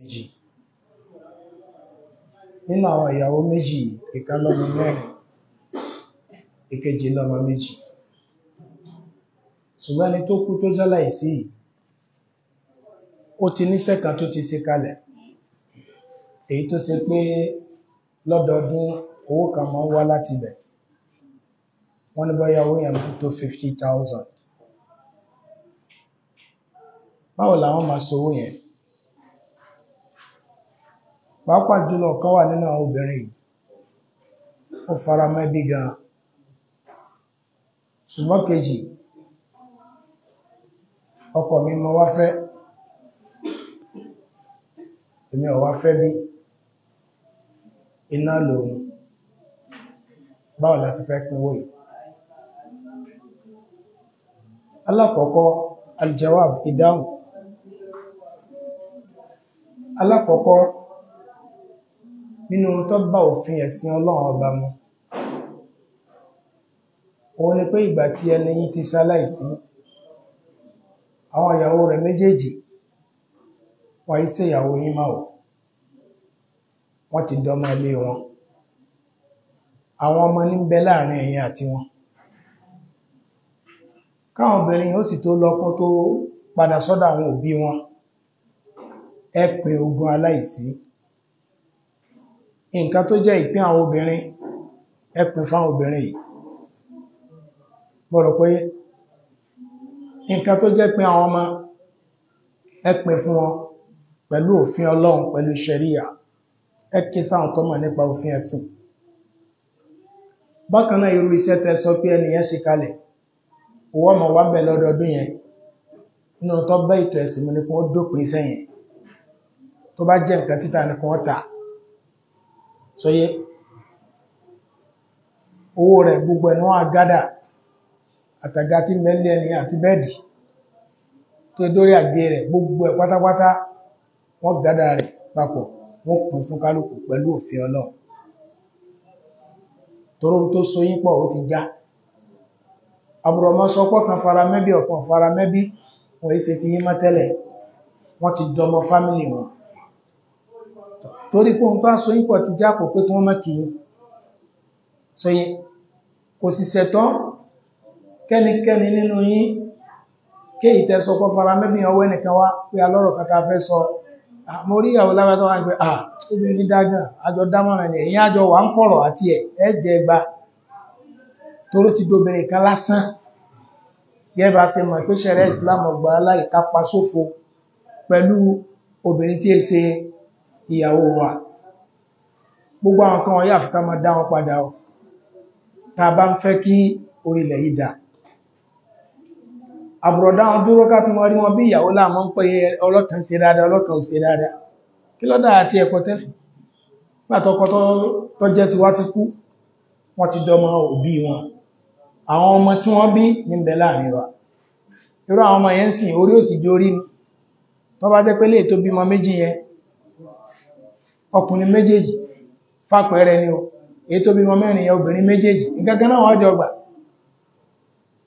méjì. Nínú àwọn ìyàwó méjì yìí ìkan lọ́mọ mẹ́rin ìkejì lọ́mọ méjì. Ṣùgbọ́n ẹni tó kú tó jáláìsí yìí ó ti níṣẹ́ kan tó ti ṣe kalẹ̀ èyí tó ṣe pé lọ́dọọdún owó kan máa ń wá láti ibẹ̀ wọ́n ní bóyá owó yẹn tó fifty thousand. Báwo làwọn máa ṣowó yẹn? pàápàá jùlọ kan wà nínú àwọn obìnrin ó fara mẹ́bí gan ṣùgbọ́n kejì ọkọ̀ mi mọ wá fẹ́ èmi ọ̀wá fẹ́ bí iná lòun báwo la sì fẹ́ pínwó yìí alákọ̀ọ́kọ́ aljawab ìdáhùn alákọ̀ọ́kọ́ nínú tó bá òfin ẹ̀sìn ọlọ́run ọba mu òun ni pé ìgbà tí ẹni yìí ti ṣaláìsí àwọn àyàwó rẹ̀ méjèèjì wà í sí ìyàwó yín máa wọ́n ti dọ́mọ ilé wọn àwọn ọmọ ní bẹ láàrin ẹ̀yin àti wọn káwọn obìnrin ó sì tó lọ́kún tó padà sọ́dọ̀ àwọn òbí wọn ẹ pè ogun aláìsí nǹkan tó jẹ́ ìpín àwọn obìnrin ẹpin fáwọn obìnrin yìí bọ́rọ̀ pé nǹkan tó jẹ́ pín àwọn ọmọ ẹpin fún wọn pẹ̀lú òfin ọlọ́run pẹ̀lú ṣẹ̀ríà ẹkí sáwọn tó mọ̀ nípa òfin ẹ̀sìn bákan náà irú iṣẹ́ tẹ́ sọ pé ẹni yẹn ṣe kalẹ̀ owó ọmọ wa bẹ̀ lọ́dọọdún yẹn nínú tó bẹ́ ètò ẹ̀sìn mi ni kí dópin iṣẹ́ tó bá jẹ́ nǹkan títà ni kí wọ́n ta sọyé owó rẹ̀ gbogbo ẹ̀nà wọn agádà àtàgà tí mẹ́lẹ̀ ẹni àti bẹ́ẹ̀dì tó dórí àgbé rẹ̀ gbogbo ẹ̀ pátápátá wọ́n gádà rẹ̀ papọ̀ wọ́n pín fún kálukú pẹ̀lú òfin Ọlọ́run toró tó so yín pọ̀ ó ti já àbùrọ̀mọ́ sọpọ̀ kan fara mẹ́bí ọ̀kan fara mẹ́bí wọ́n èsè ti dọmọ fámílì wọn torí pé òun bá so yípọ̀ ti jápọ̀ pé kí wọ́n mọ́ kìí so yí kò sì sẹ̀tọ́ kẹ́nikẹ́ni nínú yín kí ìtẹ́sọpọ̀ fara mẹ́bí ọwọ́ ẹnìkan wá pé alọ́rọ̀ kàkà fẹ́ sọ mo rí ìyàwó lábátọ́ wá ń pẹ́ à obìnrin dájọ́ àjọ dámọ̀ràn ni èyí àjọ wà pẹ̀lú obìnrin tí è ṣe ìyàwó wa gbogbo àwọn kan wọ́n yà ma dá wọn padà ọ ta bá ń fẹ́ kí orílẹ̀ ìdá dá àbùrọ̀dá wọn dúró ká fi rí wọn bí ìyàwó láàmọ́ ń pẹ́ ọlọ́kan ṣe dáadáa ọlọ́kan ò kí lọ́dá àti ẹ̀kọ́ tẹ́lẹ̀ pàtọkọ tó jẹ́ ti wá ọmọ tí wọ́n bí ní bẹ̀ láàrin wa irú ọkùnrin méjèèjì fàpẹẹrẹ ni o èyí tó bímọ mẹ́rin yẹn obìnrin méjèèjì nǹkankan náà wọ́n jọ gbà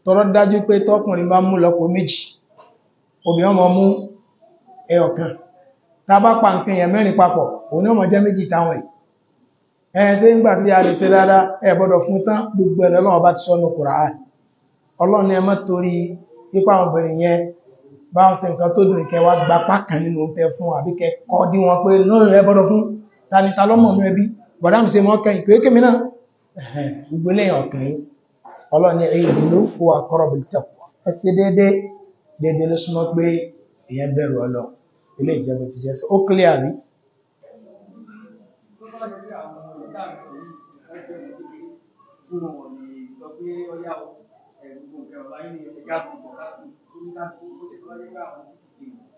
tọrọ dájú pé tọkùnrin bá mú lọ́pọ méjì obìnrin ọmọ mú ẹyọkan tá a bá pa nǹkan yẹn mẹ́rin papọ̀ òun ni ọmọ jẹ́ méjì táwọn yìí ẹ̀yẹn ṣe ń gbà tí a lè ṣe dáadáa ẹ gbọ́dọ̀ fún tán gbogbo ẹ̀ lọ́wọ́ bá ti sọ́nu Kùránì Ọlọ́run ẹ má torí pípa àwọn obìnrin yẹn bá ń ṣe nǹkan tó dùn ìkẹwàá gbapá kan nínú tẹ fún àbíkẹ kọ́ dí wọn pé lọ́rùn ẹ gbọ́dọ̀ fún tàníta lọ́mọ̀ ní ẹbí bọ̀dá mi ṣe mọ́ kẹ́ ìpéèké mi náà gbogbo lẹ́yìn ọ̀kan yìí ọlọ́ni èyí ló kó akọ́rọ̀ bí tẹ̀kọ́ ẹsẹ̀ déédéé déédéé ló súnmọ́ pé èèyàn bẹ̀rù ọlọ ilé ìjẹbù ti jẹ́ ó clear àbí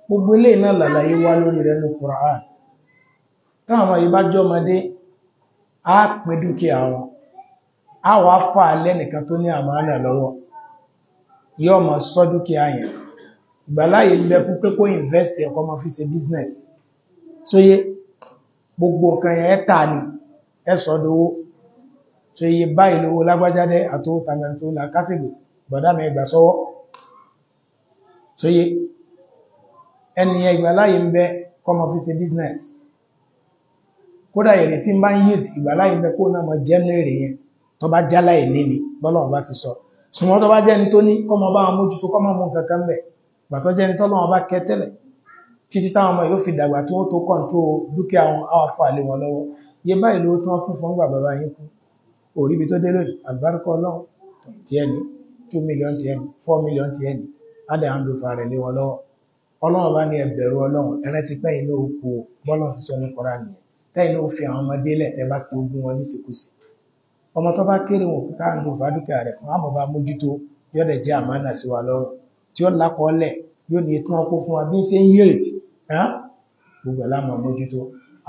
gbogbo ilé náà làlàyé wá lórí rẹ̀ ní Kùránì táwọn ọmọ yìí a jọ ọmọdé á pín dúkìá wọn á wá fà á lẹ́nìkan tó ní àmánà lọ́wọ́ yóò mọ̀ sọ dúkìá yẹn ìgbàláyè ń bẹ fún pé kó invest ẹ̀kọ́ ọmọ fi ṣe business sóyé gbogbo nǹkan yẹn tà ní ẹ̀sọ́ dówó tó iye báyìí lówó lágbájáde àtòwò tàbí tó là kásìlò gbọ̀dá mẹ́ ìgbà sọ́wọ́ sóyé ẹniyẹ ìgbàláyè ń business kódà èrè tí ń bá ń yí ìgbàláyé bẹ kó náà mọ jẹ́nu èrè yẹn tó bá jálá ìní ni bọ́lọ́wọ́ bá sì sọ ṣùgbọ́n tó bá jẹ́ni tó ní kọ́mọ bá wọn mójútó kọ́mọ mú nǹkan kan bẹ̀ gbàtọ́ jẹ́ni tọ́lọ́wọ́ bá kẹ́ tẹ́lẹ̀ títí táwọn ọmọ yóò fi dàgbà tó tó kọ̀ǹtó dúkìá wọn àwọn afọ àlè wọn lọ́wọ́ iye báyìí ló tán kún fún bàbá yín kú orí ibi tó dé lónìí àlùbáríkọ ọlọ́run ti ẹni two million ti ẹni four million ti ẹni adé àǹdùfà rẹ̀ lé wọn lọ́wọ́ ọlọ́run bá ní ẹbẹ̀rù ọlọ́run ẹrẹ́ tẹ́yìn náà fi àwọn ọmọdé lẹ̀ tẹ́ bá sí ogún wọn níṣekúṣe ọmọ tó bá kéré wọn kíkà ń lo fàdúkẹ́ rẹ̀ fún àmọ́ bá mójútó yóò dẹ̀ jẹ́ àmánà sí wa lọ́rùn tí ó lákọọ́lẹ̀ yóò ní ètò ọkọ̀ fún wa bí ń ṣe ń yèrè tì gbogbo ẹ̀lámọ̀ mójútó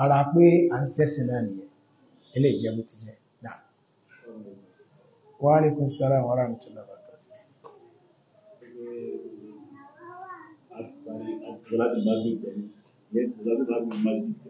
ara pé à ń sẹ́sìn náà nìyẹn eléyìí jẹ́ bó ti jẹ́ náà wa alaikum salaam wa rahmatullahi wa barakatuh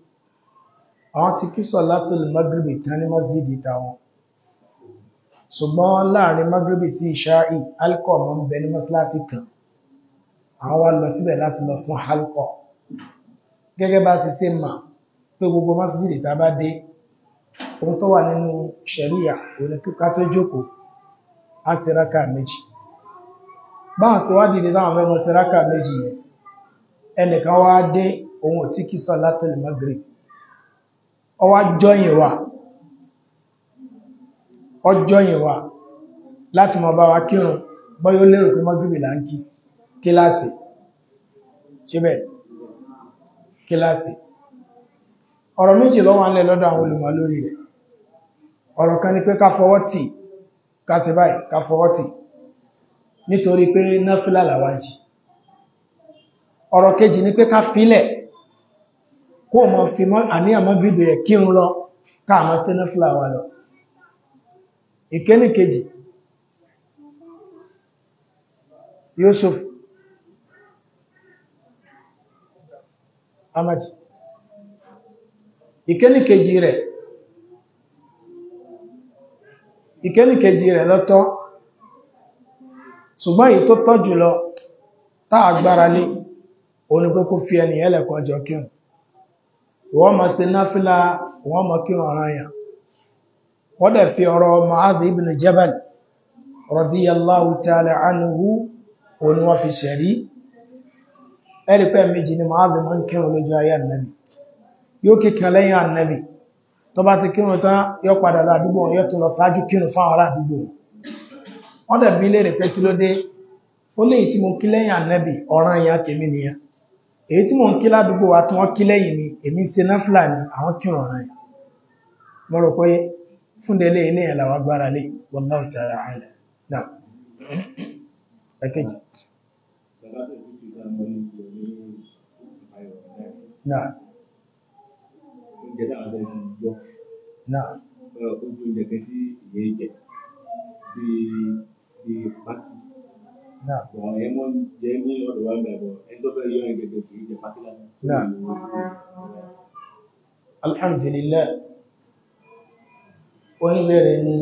àwọn ti kí sọ̀látùl magribi tán ní masjidi tàwọn ṣùgbọ́n láàrin magribi sí ìṣáì alkọ̀ mọ́ ń bẹ ní mọ́sílásì kan àwọn wá lọ síbẹ̀ láti lọ fún alkọ̀ gẹ́gẹ́ bá sì ṣe mà pé gbogbo masjidi tá bá dé ohun tó wà nínú ṣẹ̀ríyà òní kíká tó jókòó á sì méjì báwọn sì wá dìde táwọn fẹ́ mọ́ sí méjì yẹn ẹnìkan wá dé ohun ò tí kí sọ̀látùl magribi ọwá jọyìn wà ọjọyìn wà láti mọ̀ bá wa kírun bọ́yọ́ lérò pé mọ́gbìmì là ń kí kíláàsì ṣíbẹ̀ kíláàsì ọ̀rọ̀ méjì lọ́wọ́ alẹ́ lọ́dọ̀ àwọn olùmọ̀ lórí rẹ̀ ọ̀rọ̀ kan ni pé ká fọwọ́ tì ká ṣe báyìí ká fọwọ́ tì nítorí pé náfílà làwájì ọ̀rọ̀ kejì ni pé ká fílẹ̀ kó o mọ̀ fi mọ́ àníyàn mọ́ bídò ẹ̀ kí n lọ káàmọ́ sínú fúláwà lọ ìkíní Yusuf Amadi. ìkíní kejì rẹ̀ ìkíní kejì rẹ̀ lọ́tọ̀ ṣùgbọ́n èyí tó tọ́ jùlọ táà gbára lé ni pé kó fi ẹni ẹlẹ́kọ̀ọ́jọ́ kírùn wọ́n ma ṣe náfílà wọ́n ma kí ọ̀rọ̀ yà wọ́n dẹ̀ fi ọ̀rọ̀ Mu'adh ibn Jabal radiyallahu ta'ala anhu òun wọ́n fi ṣẹ̀rí ẹ̀rìpẹ́ méjì ni Mu'adh ma ń kírun lójú ayé annabi yóò kíkà lẹ́yìn annabi tó bá ti kírun tán yóò padà ládùúgbò yóò èyí tí mò ń kí ládùúgbò wa tí wọ́n kí lẹ́yìn mi èmi ṣe náfìlà ni àwọn kí ọ̀ràn yìí mo rò pé fúndẹ̀lẹ́ ilé ẹ̀ làwọn agbára lé wallahu ta'ala àìlẹ̀ náà ẹ̀kẹ́jì náà náà ojú ìjẹ̀kẹ́ bí pàtàkì Àwọn yẹn mọ́ jẹ́ ní ọ̀dọ̀ wa gbàgbọ́ ẹni tó fẹ́ yọ ẹgbẹ̀gbẹ̀ kì í jẹ pátí lásán. Alhamdulillah, oníbẹ̀rẹ̀ ni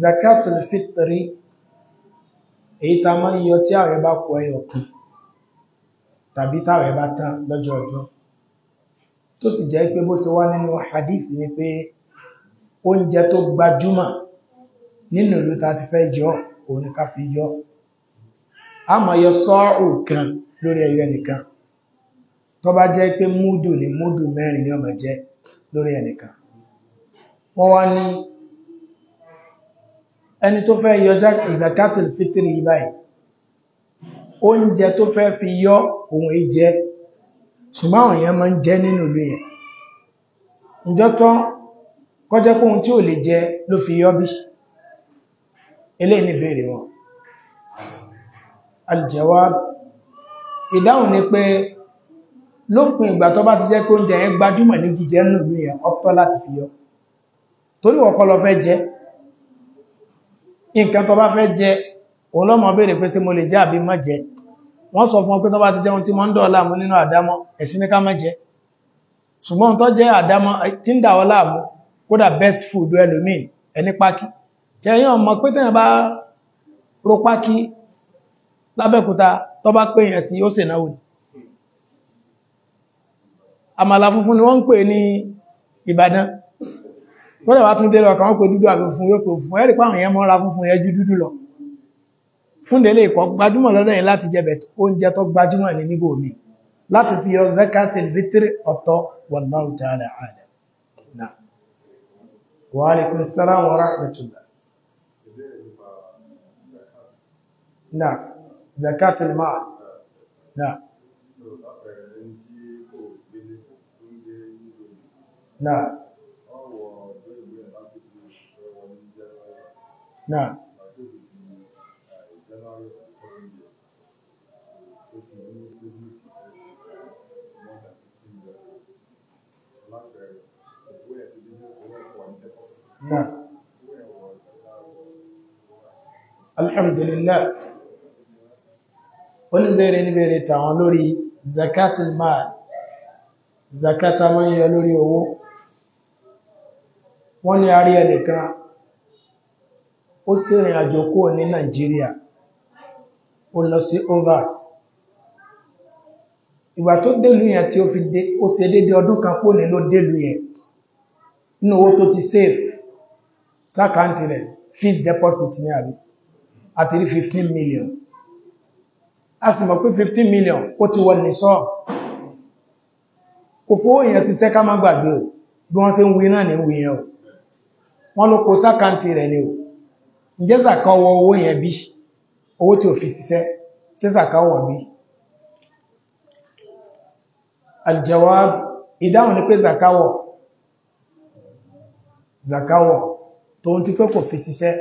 Zakatul Fitri, èyí ta máa ń yọ tí ààrẹ bá kọ ẹyọ kan tàbí tààrẹ bá tán lọ́jọ́ ọdún. Tó sì jẹ́ pé bó ṣe wá nínú hadith ni pé oúnjẹ tó gbajúmọ̀ nínú ìlú ta ti fẹ́ jọ òun ni ká fi yọ́ a mọ̀ yọ sọ́ọ̀rù kan lórí ẹyọ ẹnìkan tó bá jẹ́ pé múdù ni múdù mẹ́rin ni ọmọ jẹ́ lórí ẹnìkan wọ́n wá ní ẹni tó fẹ́ yọ zakatul fitri báyìí oúnjẹ tó fẹ́ fi yọ ohun ìjẹ ṣùgbọ́n àwọn máa ń jẹ nínú ìlú yẹn ìjọ tán tí ò lè jẹ ló fi yọ bí eléyìí ni ìbéèrè wọn aljawab ìdáhùn ni pé lópin ìgbà tó bá ti jẹ́ pé oúnjẹ yẹn gbajúmọ̀ ní jíjẹ nù ní ẹ̀ ọ̀tọ̀ láti fi yọ torí ọ̀kọ́ lọ fẹ́ jẹ nǹkan tó bá fẹ́ jẹ òun lọ́mọ béèrè pé tí mo lè jẹ àbí má jẹ wọ́n sọ fún ọ pé tó bá ti jẹun tí mo ń dọ̀ọ́lá mú nínú àdámọ́ ẹ̀sìn ní ká má jẹ ṣùgbọ́n tó jẹ́ àdámọ́ tí ń dà ọ́ láàmú kódà best food ẹlòmíì ẹni pákí tí ẹ̀yìn ọmọ pé tẹ́yàn bá ropákí lábẹ́kúta tó bá pé èyàn sí ó sì náwó ni àmàlà funfun ni wọ́n ń pè ní Ìbàdàn lọ́dẹ̀ wá tún délọ kàn wọ́n pè dúdú àbí fún yóò pè fún ẹ̀rì pàwọn èyàn mọ́ra funfun yẹn ju dúdú lọ fún délé ìkọ́ gbajúmọ̀ lọ́dọ̀ yẹn láti jẹ bẹ̀tọ̀ oúnjẹ tó gbajúmọ̀ ní níbò mi láti fi yọ zakatil fitri ọ̀tọ̀ wallahu ta'ala a'lam. نعم زكاة المال نعم نعم نعم نعم الحمد لله oníbẹ̀rẹ̀ níbẹ̀rẹ̀ tàwọn lórí zakatul mal zakata mọ́ yẹ lórí owó wọ́n ní arí ẹnìkan ó sìnrìn àjò kúrò ní Nàìjíríà ó lọ sí overs ìgbà tó délù yẹn tí ó fi dé ó ṣe dédé ọdún kan kó ní ló délù yẹn nínú owó tó ti save sákàntì rẹ̀ fixed deposit ní àbí àti 15 million a sì pé 15 million ó ti wọ́n ní sọ́ kò fówó èèyàn ṣiṣẹ́ ká má gbàgbé o bí wọ́n ṣe ń wí náà ní wí yẹn o wọ́n ló kó sákàntì rẹ̀ ni o ǹjẹ́ sàkọwọ owó yẹn bí owó tí ò fi ṣiṣẹ́ ṣe sàkọwọ bí aljawab ìdáhùn ni pé zakawọ zakawọ tó ń ti pé kò fi ṣiṣẹ́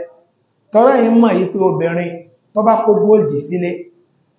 tọ́rọ yìí mọ̀ yí pé obìnrin tó kó góòdì sílé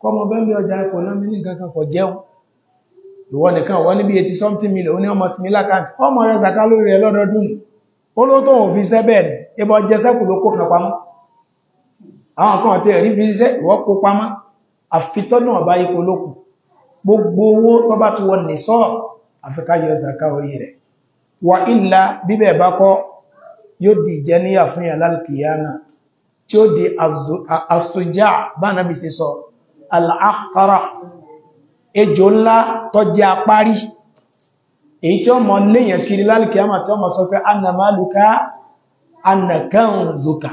kọmọ bẹ́ẹ̀lú ọjà ẹkọ̀ náà mi ní nǹkan kan kọ̀ jẹun ìwọ nìkan wọ́n níbi 80 something million ó ní ọmọ sinmi lákàntì ọmọ rẹ̀ zàká lórí rẹ̀ lọ́dọọdún ni ó ló tó òfin sẹ́bẹ̀ ní ibọ̀ jẹ sẹ́kù ló kó kan pamọ́ àwọn kan ti ẹ̀rí fi iṣẹ́ ìwọ kó pamọ́ àfitọ́nà ọba ipò lókù gbogbo owó tó bá ti wọ ní sọ́ àfikà tí ó di àsùjá bá nàbì sí sọ al'akara ejò ńlá tó jẹ́ apárí èyí tí ó mọ̀ léyàn kiri lálìkì àmà tó mọ̀ sọ pé annamaluka annakanzuka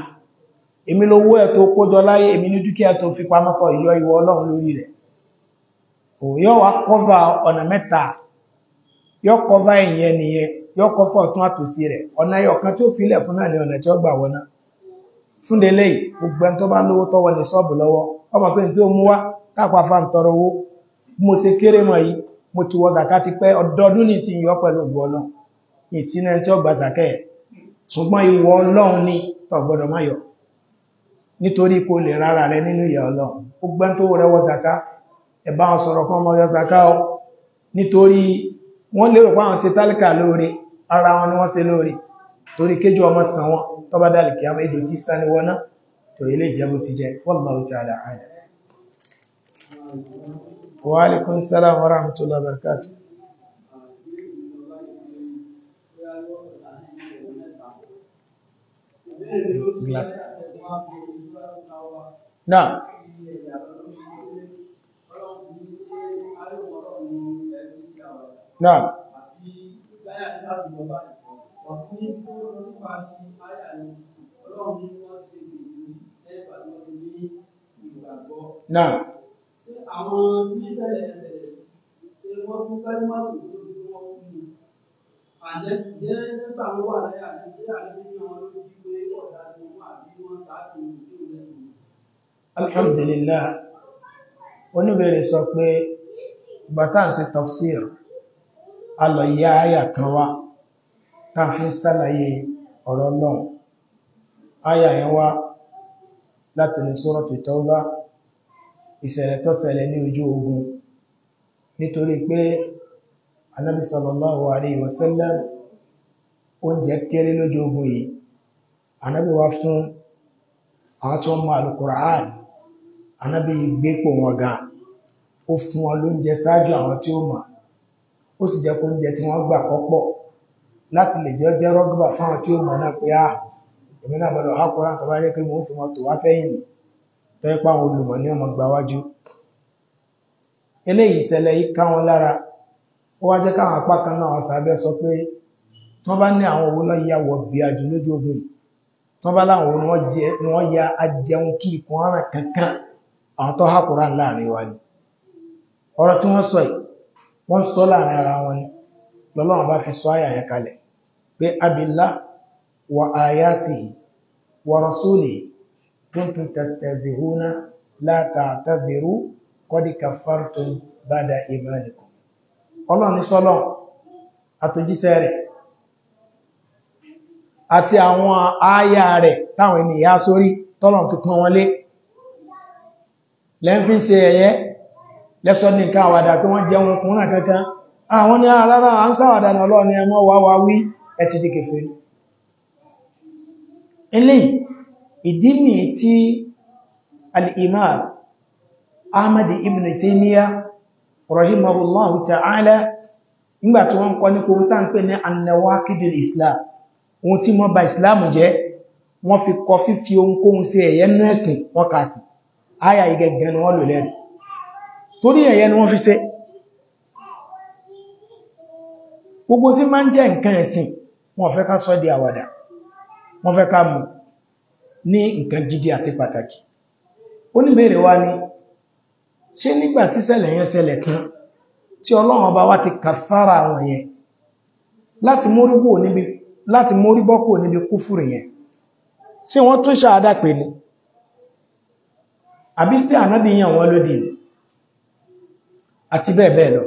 èmi lówó ẹ̀ tó kójọ láyé èmi ní dúkìá tó fi pamọ́pọ̀ ìyọ ìwọ ọlọ́run lórí rẹ̀ yọ́ wá kọ́fà ọ̀nà mẹ́ta yọ́ kọ́fà ìyẹn nìyẹn yọ́ kọ́fà ọmọ pé tí ó mú wá tápà fa ń tọrọ owó mo ṣe kéré mọ̀ yìí mo ti wọ zàká ti pẹ́ ọdọọdún ní sí yọ pẹ̀lú ògbò ọlọ́run ìsínà tí ó gba zàká ẹ̀ ṣùgbọ́n ìwọ ọlọ́run ní tọ̀gbọ́dọ̀ má yọ nítorí kò lè rárá rẹ nínú ìyà ọlọ́run ó gbẹ́ tó rẹ wọ wọ́n tó ilé ìjẹ́bù ti jẹ́ wallahu ta'ala a'lam wa alaikum salam wa rahmatullahi wa barakatuh glasses náà náà Ọlọ́run náà. àwọn tí ṣẹlẹ̀ ṣẹlẹ̀ ṣe wọ́n fún kálímọ́tò tó ti wọ́n fún mi. àjẹ́ jẹ́ alhamdulillah oníbèrè sọ pé bàtà ń alọ̀yá àyà kan wá tá fi sálàyé ọ̀rọ̀ náà àyà yẹn wá láti ní Suratu Tawbah ìṣẹ̀lẹ̀ tó ṣẹlẹ̀ ní ojú ogun nítorí pé anábì sallallahu alayhi wa sallam oúnjẹ kéré lójú ogun yìí anábì wá fún àwọn tó mọ alukura'an anábì gbépò wọn ga ó fún wọn lóúnjẹ ṣáájú àwọn tí ó mọ̀ ó sì jẹ́ kó tí wọ́n gbà kọ́pọ̀ láti lè jọ jẹ́ rọ́gbà fáwọn tí ó mọ̀ náà pé à ah, èmi náà hákùnrin àtọ́bá jẹ́ pé mo ń fi wọn tò wá sẹ́yìn nìí tó ẹ́pá àwọn olùmọ̀ ní ọmọ gbàwájú. eléyìí ìṣẹ̀lẹ̀ yìí ká wọn lára ó wá jẹ́ káwọn apá kan náà sọ pé tán bá ní àwọn owó náà yàwọ̀ bí ajú lójú ogun yìí tán bá láwọn ni wọ́n ya ajẹun kí ikùn kankan àwọn tó láàrin wa ni ọ̀rọ̀ sọ yìí wọ́n sọ láàrin ara wọn ni lọ́lọ́wọ́n bá fi sọ àyà yẹn kalẹ̀ pé kuntum tastazihuna la ta'tadhiru qad kafartum ba'da imanikum Allah ni sọ́lọ́run àtòjíṣẹ́ ati àti àwọn àyà rẹ̀ táwọn ènìyàn sórí tọ́lọ̀n fi pọ́n wọn lé lẹ́fí ṣe ẹ̀yẹ́ lẹ́sọ́ ní nǹkan àwàdà pé wọ́n jẹun fún náà kankan àwọn ní alára à ń sáwàdà náà lọ́ọ̀ ni ẹmọ́ wá wá wí ẹ ti di kèfèrí eléyìí ìdí ni tí al'imam ahmad ibn taymiyyah rahimahullahu ta'ala nígbà tí wọ́n kọ́ ní kò tán pé ní annawakidul islam ohun tí wọ́n ba islam jẹ́ wọ́n fi kọ fífi ohunkóhun sí ẹ̀yẹ nẹ́sìn wọ́n kà sí ayà igẹ̀gẹ̀ ni wọ́n lò lẹ́rìí torí ẹ̀yẹ ni ní nǹkan gidi àti pàtàkì oníbèrè ni Ṣe nígbà tí ṣẹlẹ̀ yẹn kan tí ọlọ́run ọba wa ti kàfàrà àwọn yẹn láti mórígbò níbi láti mórígbọ́kò níbi kúfùrù yẹn ṣé wọ́n tún ṣáadá pè ní àbí sí ànábì yàn wọ́n lódì àti bẹ́ẹ̀ bẹ́ẹ̀ lọ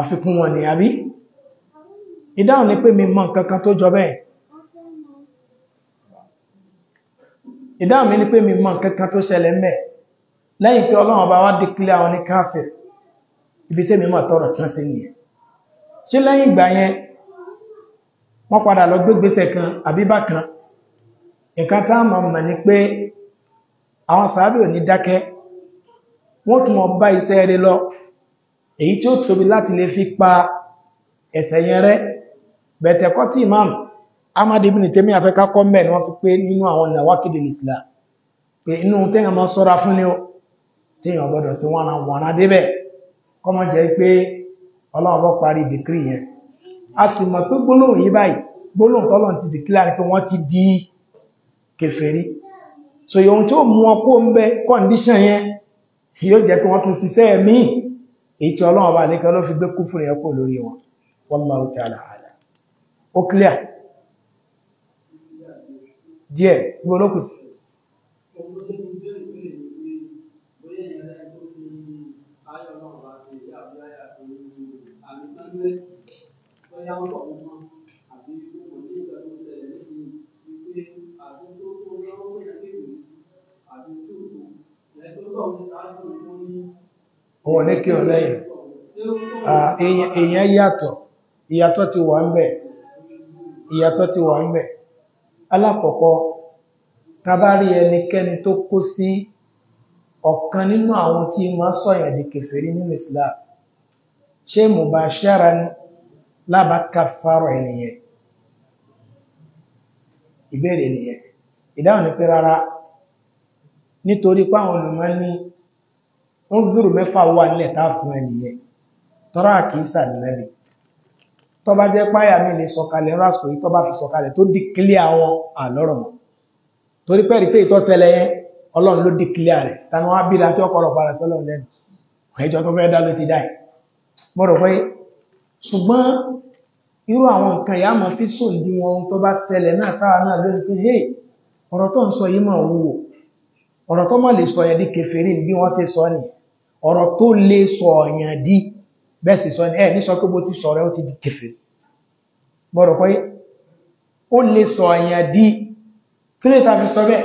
àfikún wọn ni àbí ìdáhùn ni pé mi mọ nǹkan kan tó jọ bẹ́ẹ̀ ìdáhùn mi ni pé mi mọ̀ kankan tó ṣẹlẹ̀ mẹ́ lẹ́yìn pé ọlọ́run bá wá díklé àwọn ní káfẹ́ ibi tí mi mọ̀ tọrọ kan sí nìyẹn ṣé lẹ́yìn ìgbà yẹn wọ́n padà lọ gbégbésẹ̀ kan àbíbá kan nǹkan tá mọ̀ mọ̀ ni pé àwọn sàábì ò ní dákẹ́ wọ́n tún wọ́n bá iṣẹ́ rẹ lọ èyí tí ó tóbi láti lè fi pa ẹ̀ṣẹ̀ yẹn rẹ́ bẹ̀tẹ̀kọ́ tí imam Ahmad ibn Temi afẹ́ká kọ́mẹ̀ ni wọ́n fi pé nínú àwọn ìlàwákìdì Islam pe inú tẹ́yàn máa sọ́ra fún ní ó tẹ́yàn gbọ́dọ̀ sí wọ́n àwọn ará débẹ̀ kọ́mọ̀ jẹ́ pé ọlọ́ọ̀bọ́ parí dìkírì yẹn a sì mọ̀ pé gbólóhùn yí báyìí gbólóhùn tọ́lọ̀ ti dìkílà pé wọ́n ti di kèfèrí so yóò tó mú ọkú ń bẹ kọ́ndíṣàn yẹn yóò jẹ́ pé wọ́n tún ṣiṣẹ́ míì èyí tí ọlọ́ọ̀bá nìkan ló fi gbé kúfùrù yẹn kó lórí wọn wallahu ta'ala ó clear díẹ̀ gbọ́lọ́kù sí Òun ní kí o lẹ́yìn. Èèyàn yàtọ̀, ìyàtọ̀ ti wà ń bẹ̀. Ìyàtọ̀ ti wà ń bẹ̀ alákọ̀ọ́kọ́ tabárí ẹnikẹ́ni tó kó sí ọ̀kan nínú àwọn tí ma sọ̀yàn di kèfèrí nínú Islam ṣe mú bá ṣára lábákàfàrọ̀ ènìyàn ìbéèrè ènìyàn ìdáhùn ní pé rárá nítorí páwọn olùmọ̀ ní ń zúrù mẹ́fà wà nílẹ̀ tá fún ènìyàn tọ́rọ àkíyèsà nìlẹ́bìí tó bá jẹ́ páyà mi lè sọ̀kalẹ̀ rásìkò yìí tó bá fi sọ̀kalẹ̀ tó dìkílẹ̀ àwọn àlọ́rọ̀ mọ̀ torí pẹ́rì pé ìtọ́sẹ̀lẹ̀ yẹn ọlọ́run ló dìkílẹ̀ rẹ̀ tanu wá bí láti ọkọ̀ ọ̀pára sọ́lọ̀ lẹ́nu ẹjọ́ tó fẹ́ dá ló ti dáì mo rò pé ṣùgbọ́n irú àwọn nǹkan ìyá mọ̀ fi sòǹdí wọn tó bá ṣẹlẹ̀ náà sára ọ̀rọ̀ tó lè sọ yẹn di bẹ́ẹ̀sì sọ ní ẹ̀ ní sọ pé bó ti sọ rẹ̀ ó ti di kèfèrí mọ́rọ̀ pé ó lè sọ àyà di kí lè ta fi sọ bẹ́ẹ̀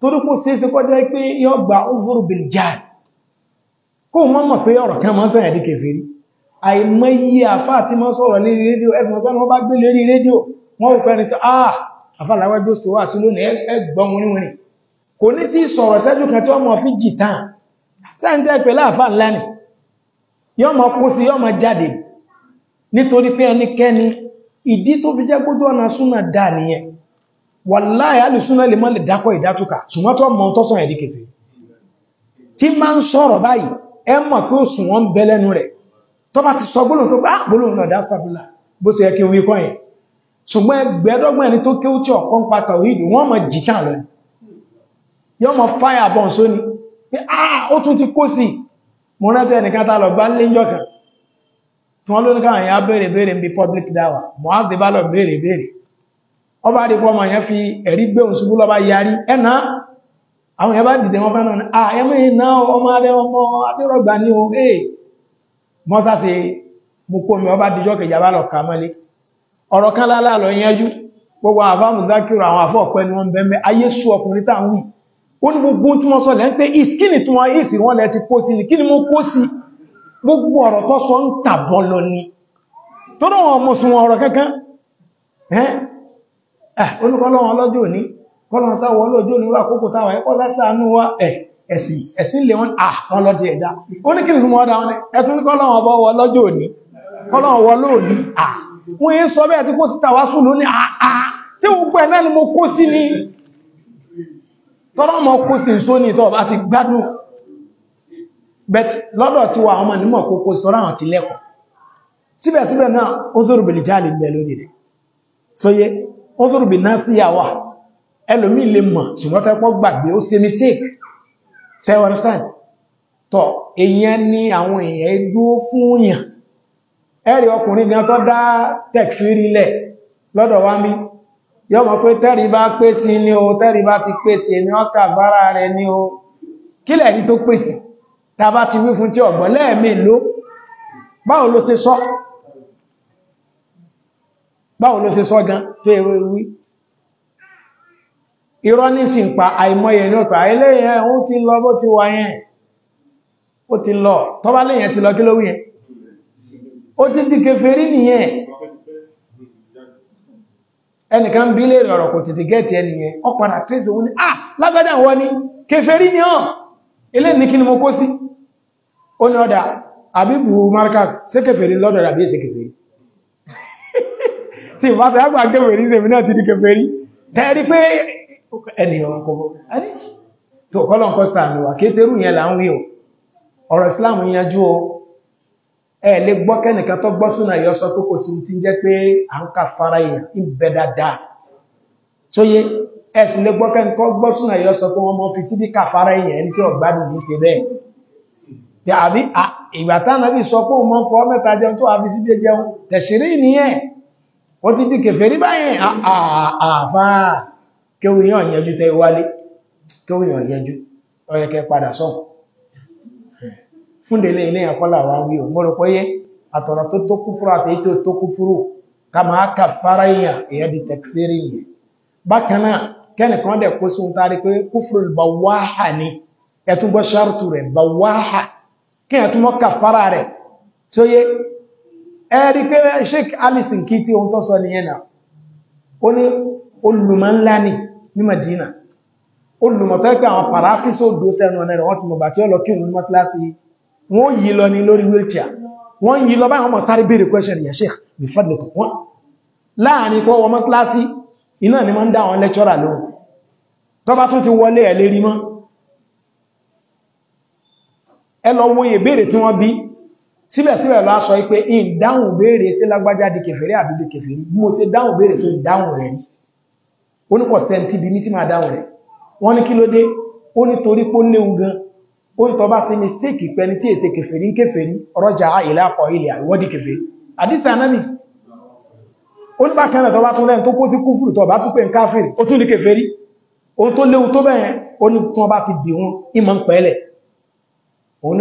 tó dúkú sí sí kọjá pé yọ gba óvúrú bil jahd kó mọ́ mọ̀ pé ọ̀rọ̀ kan máa sọ̀yà di kèfèrí àìmọye àfá àti máa sọ̀rọ̀ lérí rédíò ẹgbẹ̀rún pẹ́nu wọ́n bá gbé lérí rédíò wọ́n rò pẹ́ni tó ah àfá làwọn yọ́ mọ̀ kún sí yọ́ mọ̀ jáde nítorí pé ẹnikẹ́ni ìdí tó fi jẹ́ gbójú ọ̀nà súnà dà nìyẹn wàláhì alùsúnà lè mọ́ lè dákọ̀ ìdátúkà ṣùgbọ́n tó mọ̀ tó sọ̀rọ̀ ìdíkẹfẹ́ tí máa ń sọ̀rọ̀ báyìí ẹ mọ̀ pé òṣùwọ̀n bẹ lẹ́nu rẹ̀ tó bá ti sọ ah, ah ó tún ti kó sí mo rántí ẹnìkan tá lọ gbá ń lé jọ́kan tí wọ́n ló ní káwọn èèyàn béèrè béèrè ń bí public dawa mohaz dé bá lọ béèrè béèrè ọba rí pọ́ ọmọ yẹn fi ẹ̀rí gbé òun ṣubú lọ́ba yarí ẹ̀nà àwọn bá dìde wọn fẹ́ràn iná ọmọ ọmọ ní o ee mú kó mi ọba dijọ́ kejì abá lọ kà mọ́lé ọ̀rọ̀ kan lálá gbogbo àfáàmù zákìrò àwọn àfọ́ ọ̀pẹ ni wọ́n bẹ́ẹ̀ ayé sú ọkùnrin táwọn ó ní gbogbo tí wọ́n sọ lẹ́ ń pé ìskíni tí wọ́n ìsì wọ́n lẹ ti kó sí ní kí ni mo kó sí gbogbo ọ̀rọ̀ tó sọ ń tàbọn lọ ni tó náà wọn mọ̀ sún ọ̀rọ̀ kankan ẹ́ olùkọ́lọ́wọ́n lọ́jọ́ òní kọ́lọ́n sáwọ́ ah, ni mo dá wọn ẹ̀tún kọ́lọ́wọ́n bọ́ wọ lọ́jọ́ òní ah, ah, ni mo ni tọ́rọ mọ́ kó sí a ní ìtọ́ bá ti gbádùn bet lọ́dọ̀ tí wà ọmọ nímọ̀ kó kó sọ́rọ̀ àwọn ti lẹ́kọ̀ọ́ síbẹ̀síbẹ̀ náà ó zòrò bèèrè jáàlì gbẹ lórí rẹ̀ sóyé ó zòrò bè náà sí ẹlòmí mọ̀ gbàgbé yọ́ mọ̀ pé tẹ́rì bá pé sí ní o tẹ́rì bá ti pé sí èmi ọkà fara rẹ̀ ní o kí lẹ́ni tó pé sí tàbá ti wí fún tí ọ̀gbọ̀n lẹ́ẹ̀mí ló báwo ló ṣe sọ báwo ló ṣe sọ gan tó èrò ìwí irọ́ ní sì ń pa àìmọye ní ọ̀pá eléyẹn òun ó ti lọ tọ́bá ti lọ ẹnìkan bí lè rọrọ̀ kò tètè gẹ́ẹ̀tì ẹnìyàn ọpàdà tẹ́sì òun ni ah lágbádá wọ́n ni kèfèrí ni hàn ilé ní kí ni mo kó sí ó ní ọ̀dà àbíbù marcus ṣe kèfèrí lọ́dọ̀ rà bí ṣe tí ìbá àgbà ṣe mi náà ti di pé ẹ lè gbọ́ kẹ́nìkan tó gbọ́ súnà yọ sọ pé kò sí ti ń jẹ́ pé a ń ka fara èèyàn ń bẹ dáadáa tó yé ẹ sì lè gbọ́ kẹ́nìkan gbọ́ súnà yọ sọ pé wọ́n mọ́ fi síbí ka fara èèyàn ń tí ọ̀gbádùn ní ṣe bẹ́ẹ̀ àbí ìgbà tánàbí sọ pé òun mọ́ fọ́ mẹ́ta jẹun tó àfi síbí jẹun tẹ̀sírí nìyẹn wọ́n ti di kèfèrí báyẹn àfáà kéwìyàn yẹjú tẹ́ wálé kéwìyàn yẹjú ó yẹ kẹ́ padà sọ́hùn fúndẹ̀lẹ̀ ilé ẹ̀kọ́lá wa wí o mọ́rọ̀ pọ́yẹ́ àtọ̀rọ̀ tó tó kú fúrú àti ètò tó kú fúrú ká máa kà fara èèyàn èèyàn di tẹ̀kfẹ́rì yẹn bákan náà kẹ́nìkan dẹ̀ kó sí ta rí pé kúfúrú bá wáhà ni ẹ̀tún gbọ́ ṣáàrùtù rẹ̀ bá wáhà kí ẹ̀ tún mọ́ kà fara rẹ̀ tí yé ẹ pé Sheikh Alison kí tí ohun tó sọ nìyẹn náà ó ní olùmọ̀ ni ní Madina olùmọ̀ tó pé àwọn pàráfíṣọ́ òdó sẹ́nu ọ̀nà rẹ̀ wọ́n ti mọ̀ bàtí ọlọ́kí òun ní mọ́síláṣí wọ́n yí lọ ní lórí wheelchair wọ́n yí lọ báyìí wọ́n mọ̀ sáré béèrè question yẹ̀ sheikh bí fadlùkù wọ́n láàrin kọ́ wọ́n mọ́sílásí iná ni ma ń dá àwọn lecturer lóhùn tó bá tún ti wọlé ẹ̀ lérí mọ́ ẹ wọ́n bí in dáhùn béèrè sí lágbájá di kèfèrí àbí di kèfèrí bí mo ṣe dáhùn béèrè tó dáhùn rẹ̀ rí oníkọ̀sẹ̀ tí bí mi ti máa dáhùn rẹ̀ wọ́n kí ló dé ó nítorí pó léwu gan ó ń tọba sí mistake pẹni tí èsè kèfèrí kèfèrí ọ̀rọ̀jà ìlàpọ̀ ilẹ̀ àìwọ́dí kèfèrí àdísà náà ó ní bákanà tọba tún lẹ́yìn tó kó sí kúfùrù tọba tún pé ń káfìrì ó tún ní kèfèrí ó tó léwu tó bẹ́yẹn ó ní tún ọba ti bì wọn ìmọ̀ ń pẹ́lẹ̀ òun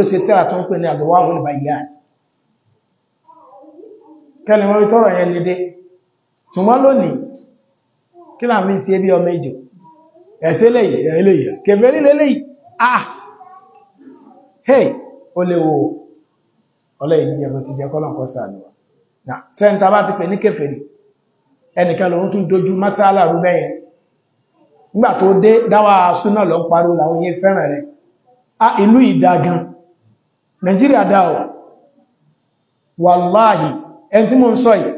ah hey ó léwo ọlẹ́ ìníjẹ̀bọ̀ ti jẹ́ kọ́lọ̀kọ́ sàánúwà na sẹ́ntà bá ti pè ní kèfèrí ẹnìkan lòun tún dojú masala rú nígbà tó dé dáwà súnà lọ parú làwọn yẹn fẹ́ràn rẹ̀ a ìlú ìdágan Nàìjíríà dáwọ̀ wàláhì ẹn tí mo ń sọ yìí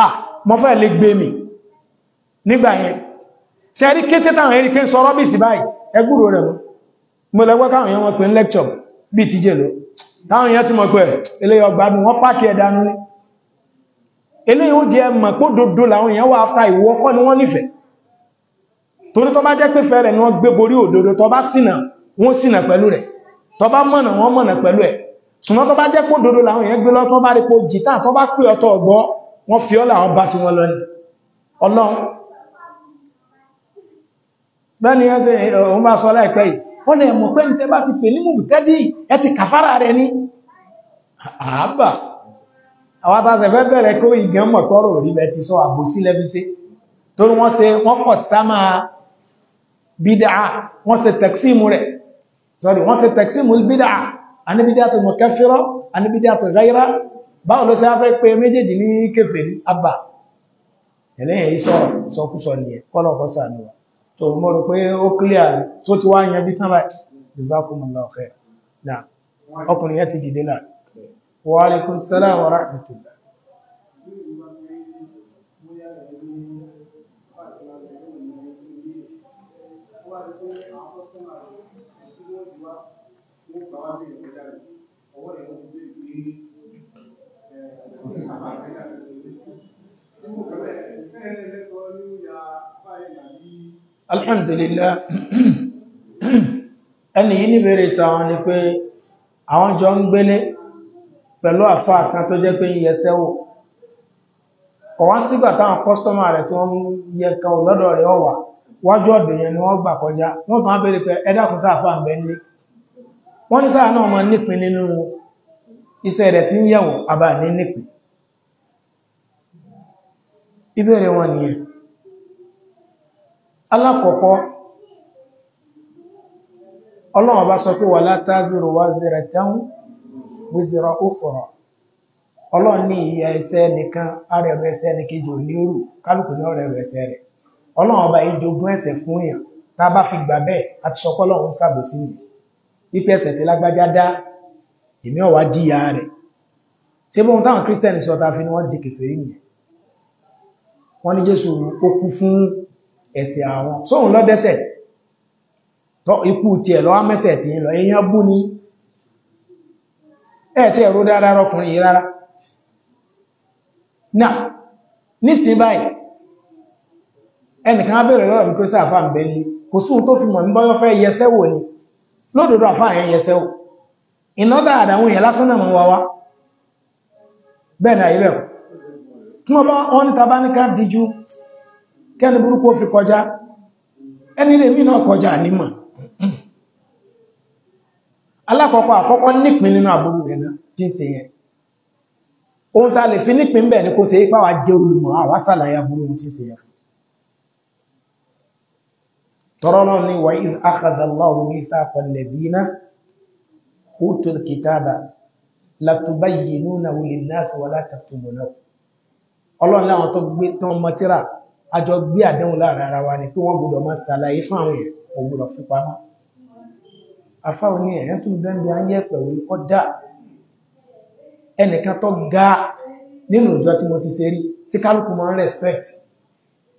a mọ́ fẹ́ lè gbé mi nígbà yẹn sẹ́rí táwọn pé sọ rọ́bìsì báyìí rẹ̀ mọ́ káwọn yẹn pè ń bí ti jẹ́ lọ táwọn èèyàn ti mọ̀ pé eléyìí ọgbàdùn wọ́n pàkì ẹ̀dánú ní eléyìí ó jẹ́ mọ̀ pó dodo làwọn èèyàn wà áfta ìwọ́kọ́ ni wọ́n nífẹ̀ẹ́ torí tó bá jẹ́ pé fẹ́rẹ̀ ni wọ́n gbé borí òdodo tó bá ṣìnà wọ́n ṣìnà pẹ̀lú rẹ̀ tó bá mọ̀nà wọ́n mọ̀nà pẹ̀lú ẹ̀ ṣùgbọ́n tó yìí ọ̀nà ẹ̀mọ̀ pé ní tẹ́bá ti pè ní mú tẹ́dì ẹ ti kàfàrà rẹ ní àábà àwọn àtàṣẹ̀ fẹ́ bẹ̀rẹ̀ kó ìgán mọ̀ tọ́rọ̀ rí bẹ ti sọ àbòsí lẹ́bíṣẹ́ tó wọ́n ṣe wọ́n pọ̀ sáma bídá wọ́n ṣe tẹ̀ksímù rẹ̀ sorry wọ́n ṣe tẹ̀ksímù bídá anibídá tó mọ̀ kẹfìrọ́ anibídá tó záyírá báwo ló ṣe á fẹ́ pé méjèèjì ní kèfèrí abba ẹlẹ́yìn sọ̀rọ̀ sọkúsọ nìyẹn tó mọ́ rò pé ó clear tó ti wá yanjú tán báyìí jazakumullahu khair náà ọkùnrin yẹn ti dìde náà wa alaikum salam wa rahmatullah Thank you alhamdulillah ẹni yìí níbèrè tàwọn ni pé àwọn jọ ń gbélé pẹ̀lú àfá kan tó jẹ́ pé ń yẹ sẹ́wò kọ̀wá sígbà táwọn kọ́stọ́mà rẹ̀ tí wọ́n yẹ kan lọ́dọ̀ rẹ̀ ọ̀wà wájú ọ̀dọ̀ yẹn ni wọ́n gbà kọjá wọ́n bá bèèrè pé ẹ wọn nìyẹn alákọ̀ọ́kọ́ ọlọ́run bá sọ pé wà látàzírò wá zẹ̀rẹ̀ tẹ́hún wízẹ̀rọ òfòrò ọlọ́run ní ìyà ẹsẹ̀ nìkan arẹ̀rọ ẹsẹ̀ nìkejì onírù kálùkù ní ọ̀rẹ̀rọ ẹsẹ̀ rẹ̀ ọlọ́run ọba ìjogún ẹsẹ̀ fún èèyàn tá bá fi gbà bẹ́ẹ̀ àti sọpọ́ lọ́run sàbòsí ni pípẹ́ ẹsẹ̀ tí lágbájá dá èmi jésù ó fún ẹ̀ṣẹ̀ àwọn sóhun lọ dẹ́ṣẹ̀ tọ́ ikú ti ẹ̀lọ́ amẹ́sẹ̀ ti lọ èyàn bú ní ẹ̀ẹ̀tẹ́ ẹ̀rọ dáadáa rọkùnrin yìí rárá náà nísìn báyìí ẹnìkan abẹ́rẹ̀ lọ́rọ̀ mi pé sáàfà ń bẹ́ ní kò sóhun tó fi mọ̀ ní bọ́yọ́ fẹ́ yẹsẹ́ wò ni lódòdó àfà yẹn yẹsẹ́ wò iná dáadáa àwọn èèyàn lásán náà mọ́ wá wá bẹ́ẹ̀ ni àyíbẹ̀kù tí wọ́n bá wọ́n ní tabáníká díjú kẹ́ni burúkú ó fi kọjá ẹni lè mí náà kọjá nímọ̀ alákọ̀ọ́kọ́ àkọ́kọ́ nípin nínú àbúrú rẹ̀ náà tí ń ṣe yẹn ohun ta lè fi nípin bẹ̀ ní kó ṣe ipá wa jẹ́ olùmọ̀ àwá sàlàyé àbúrú tí ń ṣe yẹn fún tọrọ náà ni wa idh akhadha Allahu mithaqa alladhina àjọ gbé àdéhùn láàrin ara wa ni pé wọ́n gbọ́dọ̀ máa ṣàlàyé fún àwọn èèyàn kò gbọ́dọ̀ fi pamọ́ afá òní ẹ̀yẹ́ tó bẹ́ndẹ̀ ayé pẹ̀lú ikọ́ dá ẹnìkan tó ga nínú ìjọ tí mo ti ṣe rí tí kálùkù mọ́ respect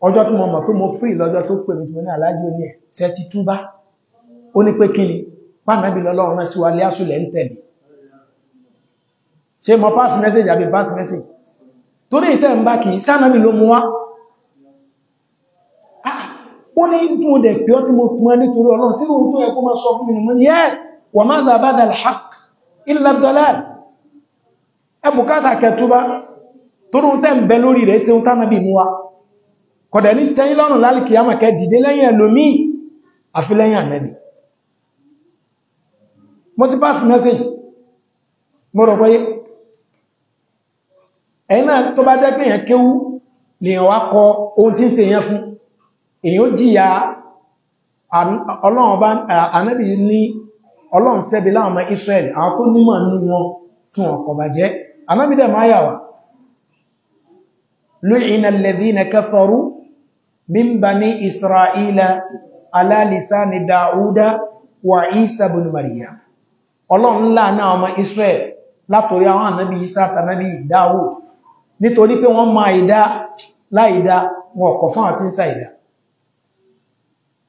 ọjọ́ tí mo mọ̀ pé mo free lọ́jọ́ tó pè mí tí mo ní aláàjì òní ẹ̀ ṣe ti túbá ó ní pé kí ni pàmẹ́bí lọ́lọ́run rán sí wa lé àṣùlẹ̀ ń tẹ̀lé ṣe mo pass message àbí pass message torí ìtẹ́ ń bá kì í sánàbí ló mú wá ó ní dùn dẹ̀ pé ọ́ tí mo pọn nítorí ọlọ́run sínú tó yẹ kó sọ fún mi ni yes wà máa dà bá dà alhaq illa dalal ẹ bùkátà kẹtùbá torí tẹ́ ń bẹ lórí rẹ̀ ṣe ń tánàbì mú wa kọ̀dẹ̀ ní tẹ́yìn lọ́rùn lálìkì yàmàkẹ́ dìde lẹ́yìn ẹlòmí àfi èyàn jíya ọlọ́run bá anábì ní ọlọ́run sẹ́bi láwọn ọmọ Israel àwọn tó nímọ̀ ní wọn tún ọkọ̀ bàjẹ́ anábì dẹ̀ máa yàwà lu'ina alladhina kafaru min bani Isra'ila ala lisani Da'uda wa Isa ibn Maryam ọlọ́run láàánà ọmọ Israel látorí àwọn anábì Isa tànábì Dawud nítorí pé wọ́n máa ìdá láìdá wọn ọ̀kọ̀ fún àti ń sa ìdá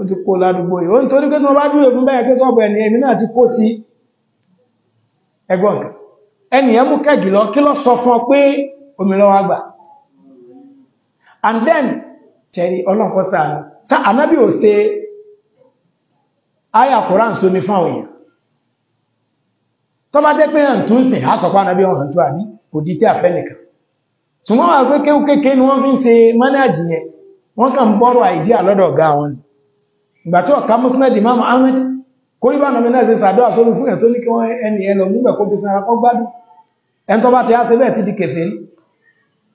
ó ti kó ládùúgbò yìí ó ń torí pé tí bá dúró fún bẹ́ẹ̀ pé sọ́ọ̀bù ẹni èmi náà ti kó sí ẹgbọ́n ẹni mú kẹ́gì lọ kí lọ sọ fún ọ pé omi lọ wá gbà and then tẹ̀rí ọlọ́nkọ́ sáà sá anábì ò ṣe àyà ní èèyàn tó bá jẹ́ pé hàn tó ń sìn anábì àbí kò tí a fẹ́ nìkan ṣùgbọ́n ìgbà tí ọ̀ká musnad imam ahmed kó nàmì náà ṣe sàdọ́ àsọ́lù fún ẹ̀ ní kí wọ́n ẹni ẹ lọ nígbà kó fi kọ́ gbádùn ẹn tó bá ti á bẹ́ẹ̀ ti di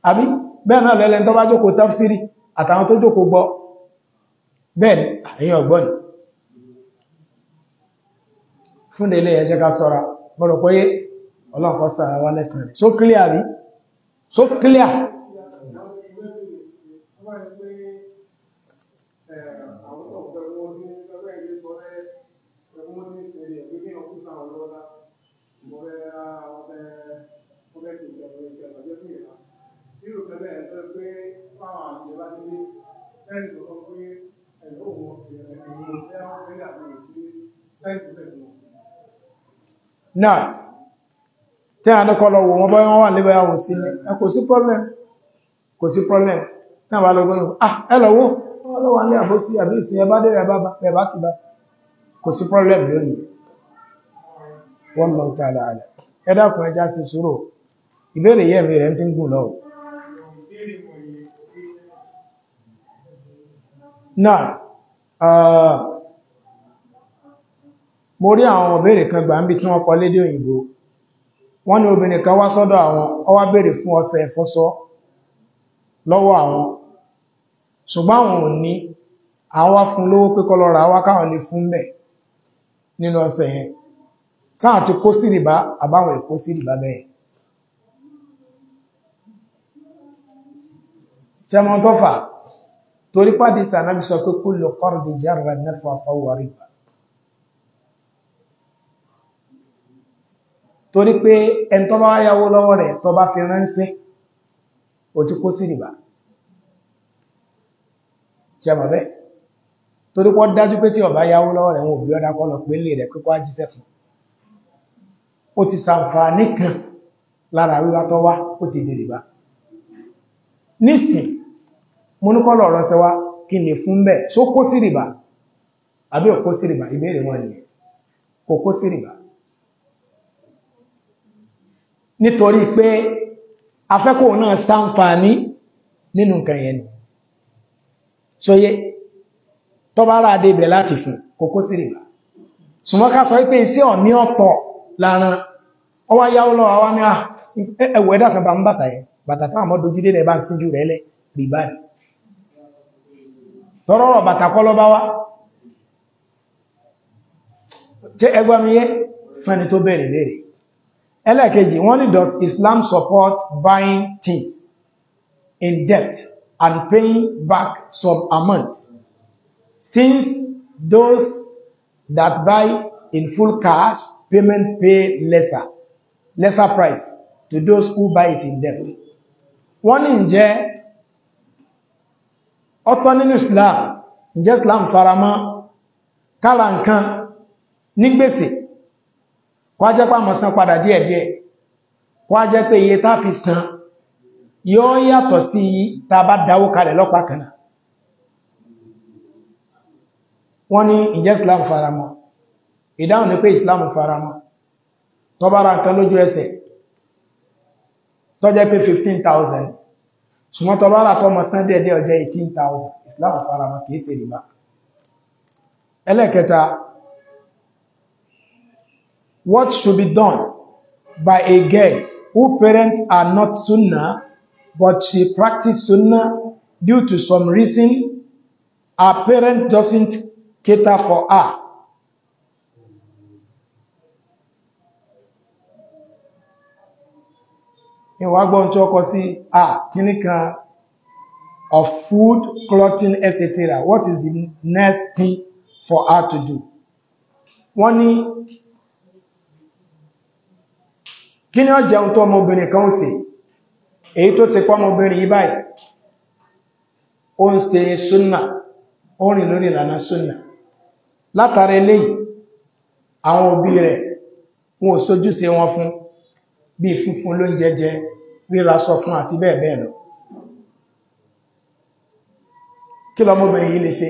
àbí bẹ́ẹ̀ náà lẹ́lẹ́ tafsiri àtàwọn tó jókòó gbọ́ bẹ́ẹ̀ àwọn a ní kọlọ wò bọ́ wọ́n wà níbẹ̀ àwọn sí ni kò sí problem kò sí problem náà wà lọ́gbọ́n náà ah ẹ lọ́wọ́ ọlọ́wà ní àfọ́sí àbí ìsìn ẹbá dẹ̀ ẹbá sí bá kò sí problem lónìí wọ́n lọ tààlà àlà ẹ̀dàkùn ẹjá sí ṣúrò ìbéèrè yẹ́ mi rẹ̀ ti ń gùn lọ náà mo rí àwọn ìbéèrè kan gbà ń bí tí wọ́n kọ lédè òyìnbó wọ́n obìnrin kan wá sọ́dọ̀ àwọn ṣùgbọ́n àwọn ò ní àwa fún lówó pé kọ́ lọ́ra wá káwọn lè fún mẹ́ nínú ọ̀sẹ̀ yẹn sáà ti kó sí rìbá àbáwọn èkó sí rìbá bẹ́ẹ̀ ṣẹmọ tó fà torí pàdé sànábi sọ pé kó lọ kọ́rọ̀ di jára nẹ́fà fáwọ́ rìbá torí pé ẹni tó bá yáwó lọ́wọ́ rẹ̀ tó bá fi ránṣẹ́ ò ti kó sí rìbá ṣe mọ̀ bẹ́ torí pọ́ dájú pé tí ọba yáwó lọ́wọ́ rẹ̀ wọn òbí ọ̀dá kọ́ lọ pé lè rẹ̀ pípọ́ ajíṣẹ́ fún ó ti sàǹfààní kan lára wíwá tó wá ó ti dèrè bá nísìn mo ní kọ́ lọ̀rọ̀ sẹ́wá kí n lè fún bẹ́ẹ̀ ṣó kó sí rìbá àbí ò kó sí rìbá ìbéèrè wọn nìyẹn kò kó sí rìbá nítorí pé afẹ́kọ̀ọ́ náà sàǹfààní nínú nǹkan yẹn ni sọyé tó bá rà dé ibẹ̀ láti fún kòkó sí ṣùgbọ́n ká sọ wípé iṣẹ́ ọ̀ní ọ̀pọ̀ láàrin ọwá yáwó lọ àwá ní ah, ẹwọ̀ ẹ̀dà kan bá ń bàtà ẹ̀ bàtà táwọn ọmọ dojú dédé bá ń síjú rẹ̀ lẹ́ rìbá rẹ̀ tọ́rọ̀rọ̀ bàtà and paying back some amount, since those that buy in full cash payment pay lesser lesser price to those who buy it in debt. Wọ́n ní ǹjẹ́ ọ̀tọ̀ nínú Islam, ǹjẹ́ Islam faramọ́ kára nǹkan ní gbèsè, kó a jẹ́ pé a padà díẹ̀díẹ̀, kó jẹ́ pé iye tá fi san yóò yàtọ̀ sí tàbá dáwó kalẹ̀ lọ́pàá kanáà wọ́n ní ìjẹ́ islam faramọ́ ìdáhùn ní pé islam faramọ́ tó bá ra nǹkan lójú ẹsẹ̀ tó jẹ́ pé 15,000 ṣùgbọ́n tó bá ra tọ́mọ sẹ́ndẹ̀ẹ́dẹ́ ọjẹ́ 18,000 islam faramọ́ kìí ṣe rìbá ẹlẹ́kẹta what should be done by a girl whose parents are not sunnah but she practiced sunnah due to some reason her parent doesn't cater for her. ìwàgbọ́n tí ó kọ sí à ah, kíní kan of food clothing etc what is the next thing for her to do wọ́n ní kí ni ó jẹun tó ọmọbìnrin kan ó ṣe èyí tó ṣe pọ́mọ obìnrin yìí báyìí ń se súnnà orin lórí ìlànà súnnà látara eléyìí àwọn òbí rẹ̀ wọn ò sójúṣe wọn fún bí fífún ló ń jẹjẹ ríra sọ fún àti bẹ́ẹ̀ bẹ́ẹ̀ lọ kí lọmọbìnrin yìí lè ṣe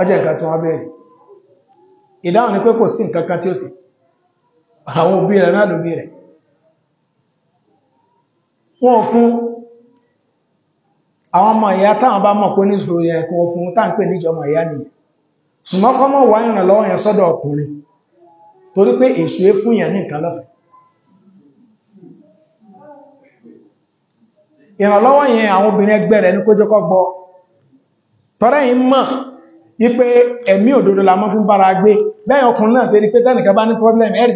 ọjọ́ ìkà tó wọ́n bẹ̀rẹ̀ ìdáhùn ni wọ́n fún àwọn ọmọ ìyá táwọn bá mọ̀ pé ní ìṣòro yẹ kún fún táǹpẹ̀ níjọmọ̀ ìyá nìyẹn ṣùgbọ́n kọ́mọ̀ wà ìrànlọ́wọ́ yẹn sọ́dọ̀ ọkùnrin torí pé èṣù é fún yẹn ní nǹkan lọ́fẹ̀ẹ́ ìrànlọ́wọ́ yẹn àwọn obìnrin ẹgbẹ́ rẹ̀ ní kó gbọ́ tọ́rẹ́ yìí mọ̀ wípé ẹ̀mí la mọ́ fún bára gbé bẹ́ẹ̀ ọkùnrin náà ṣe rí pé tẹ́nìkan bá ní problem ẹ̀rì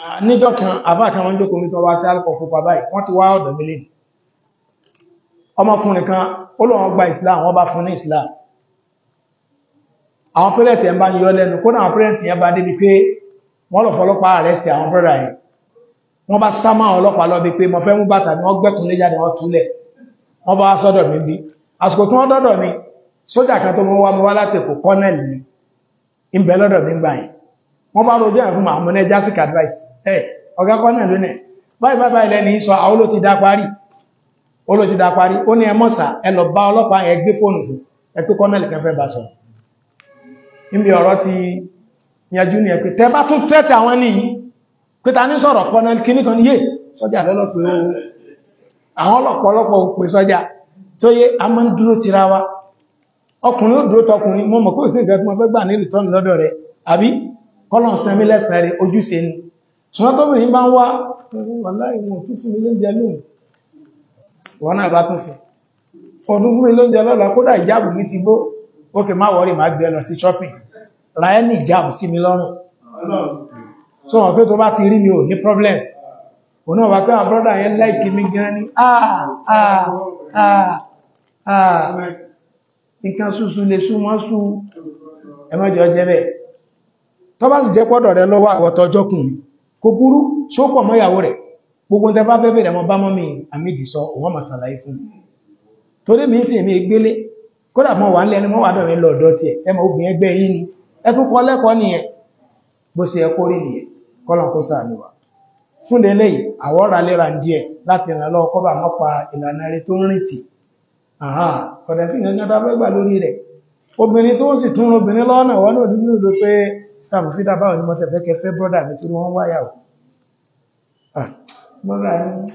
Ah, níjọ́ kan àbákan wọ́n jókòó mítọ́ wá sí alkọ̀ fúpa báyìí wọ́n ti wá ọ̀dọ̀ mílé ọmọkùnrin kan olóòwọ́n gba Islam wọ́n bá fún ní Islam àwọn pẹ́rẹ̀tì ẹ̀ bá yọ lẹ́nu kó náà pẹ́rẹ̀tì ẹ̀ bá débi pé wọ́n lọ fọlọ́pàá arrest àwọn brọ́dà yìí wọ́n bá sámá ọlọ́pàá lọ bí pé mo fẹ́ mú bàtà ni wọ́n gbẹ́kùn lé jáde wọ́n túlẹ̀ wọ́n bá wá sọ́dọ̀ mi bí àsìkò tí wọ́n dọ́dọ̀ mi sójà kan tó mú wá mú wá láti Èkó kọ́nẹ̀lì ni ń bẹ lọ́dọ̀ mi gbà yìí wọ́n bá rojọ́ advice ẹ̀ ọ̀gá kọ́ náà lónẹ̀ báyìí bá báyìí lẹ́ni sọ àwọn ló ti dá parí ó ló ti dá parí ó ní ẹmọ́sà ẹ lọ bá ọlọ́pàá yẹn gbé fóònù fún ẹ pé kọ́nẹ̀lì kan fẹ́ bá sọ níbi ọ̀rọ̀ ti yanjú ni ẹ pé tẹ́ bá tún tẹ́tẹ̀ àwọn níyí pé ta ní sọ̀rọ̀ kọ́nẹ̀lì o àwọn ọlọ́pọ̀lọpọ̀ pè sọ́jà tó yé a máa ń dúró tira wa ọkùnrin ó dúró tọkùnrin kọ́lọ̀ sẹ́mi rẹ̀ ojúṣe ni ṣùgbọ́n tóbìnrin bá ń wá wàláìwọ̀n tún fún mi lóúnjẹ lóòrùn wọ́n náà bá tún fún ọdún fún mi lóúnjẹ lọ́la kódà ìjáàbù mi ti bó ókè má wọ́rí má gbé e lọ shopping ra ẹ́ ní ìjáàbù so wọ́n pé tó bá ti problem òun náà wà pé àwọn brọ́dà yẹn láìkí mi ah ah ah ah nǹkan súsú lè sú mọ́ sú ẹmọ́jọ́ jẹ́ bẹ́ẹ̀ tó bá sì jẹ́ pọ́dọ̀ rẹ lọ́wọ́ àwọ̀tọ́jọ́kùnrin kò burú ṣópọ̀ mọ́yàwó rẹ̀ gbogbo tẹ bá bẹ́bẹ̀rẹ̀ àwọn bá mi àmìdì sọ òwọ́n máa ṣàlàyé fún mi torí mi sì mi gbélé kódà mọ́ wà ń lẹ́ni mọ́ wà bẹ̀rẹ̀ ti ẹ ẹmọ obìnrin ẹgbẹ́ yìí ni ẹkún kọ́ lẹ́kọ́ nìyẹn ra lera ń díẹ̀ láti ràn lọ́wọ́ kọ́ ìlànà tó ń kọ̀dẹ̀ sí fẹ́ gbà lórí rẹ̀ obìnrin sáàmù fídà báwọn ní mọ́tẹ̀ fẹ́kẹ́ fẹ́ brọ́dà mi tó wọ́n wáyà ò mọ́ra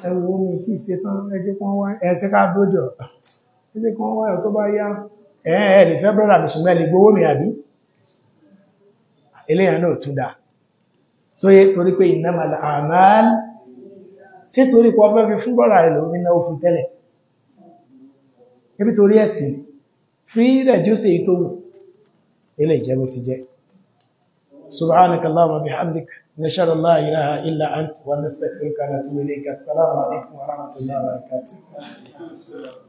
ẹwọ mi tí ìṣe tán ẹjẹ́ kan wá ẹ̀ẹ́sẹ́ ká bójọ̀ ẹjẹ́ kan wáyà tó bá yá ẹ̀ẹ́ lè fẹ́ brọ́dà mi ṣùgbọ́n lè gbówó mi àbí eléyàn náà tún dá tó yé torí pé innamal a'mal sí torí pọ̀ fẹ́ fi fún brọ́dà rẹ̀ lómi náà fún tẹ́lẹ̀ ebi torí ẹ̀sìn fi rẹ̀ jí ó sì èyí tó wù eléyìí jẹ́ bó ti jẹ́ سبحانك اللهم وبحمدك نشهد ان لا اله الا انت ونستغفرك ونتوب اليك السلام عليكم ورحمه الله وبركاته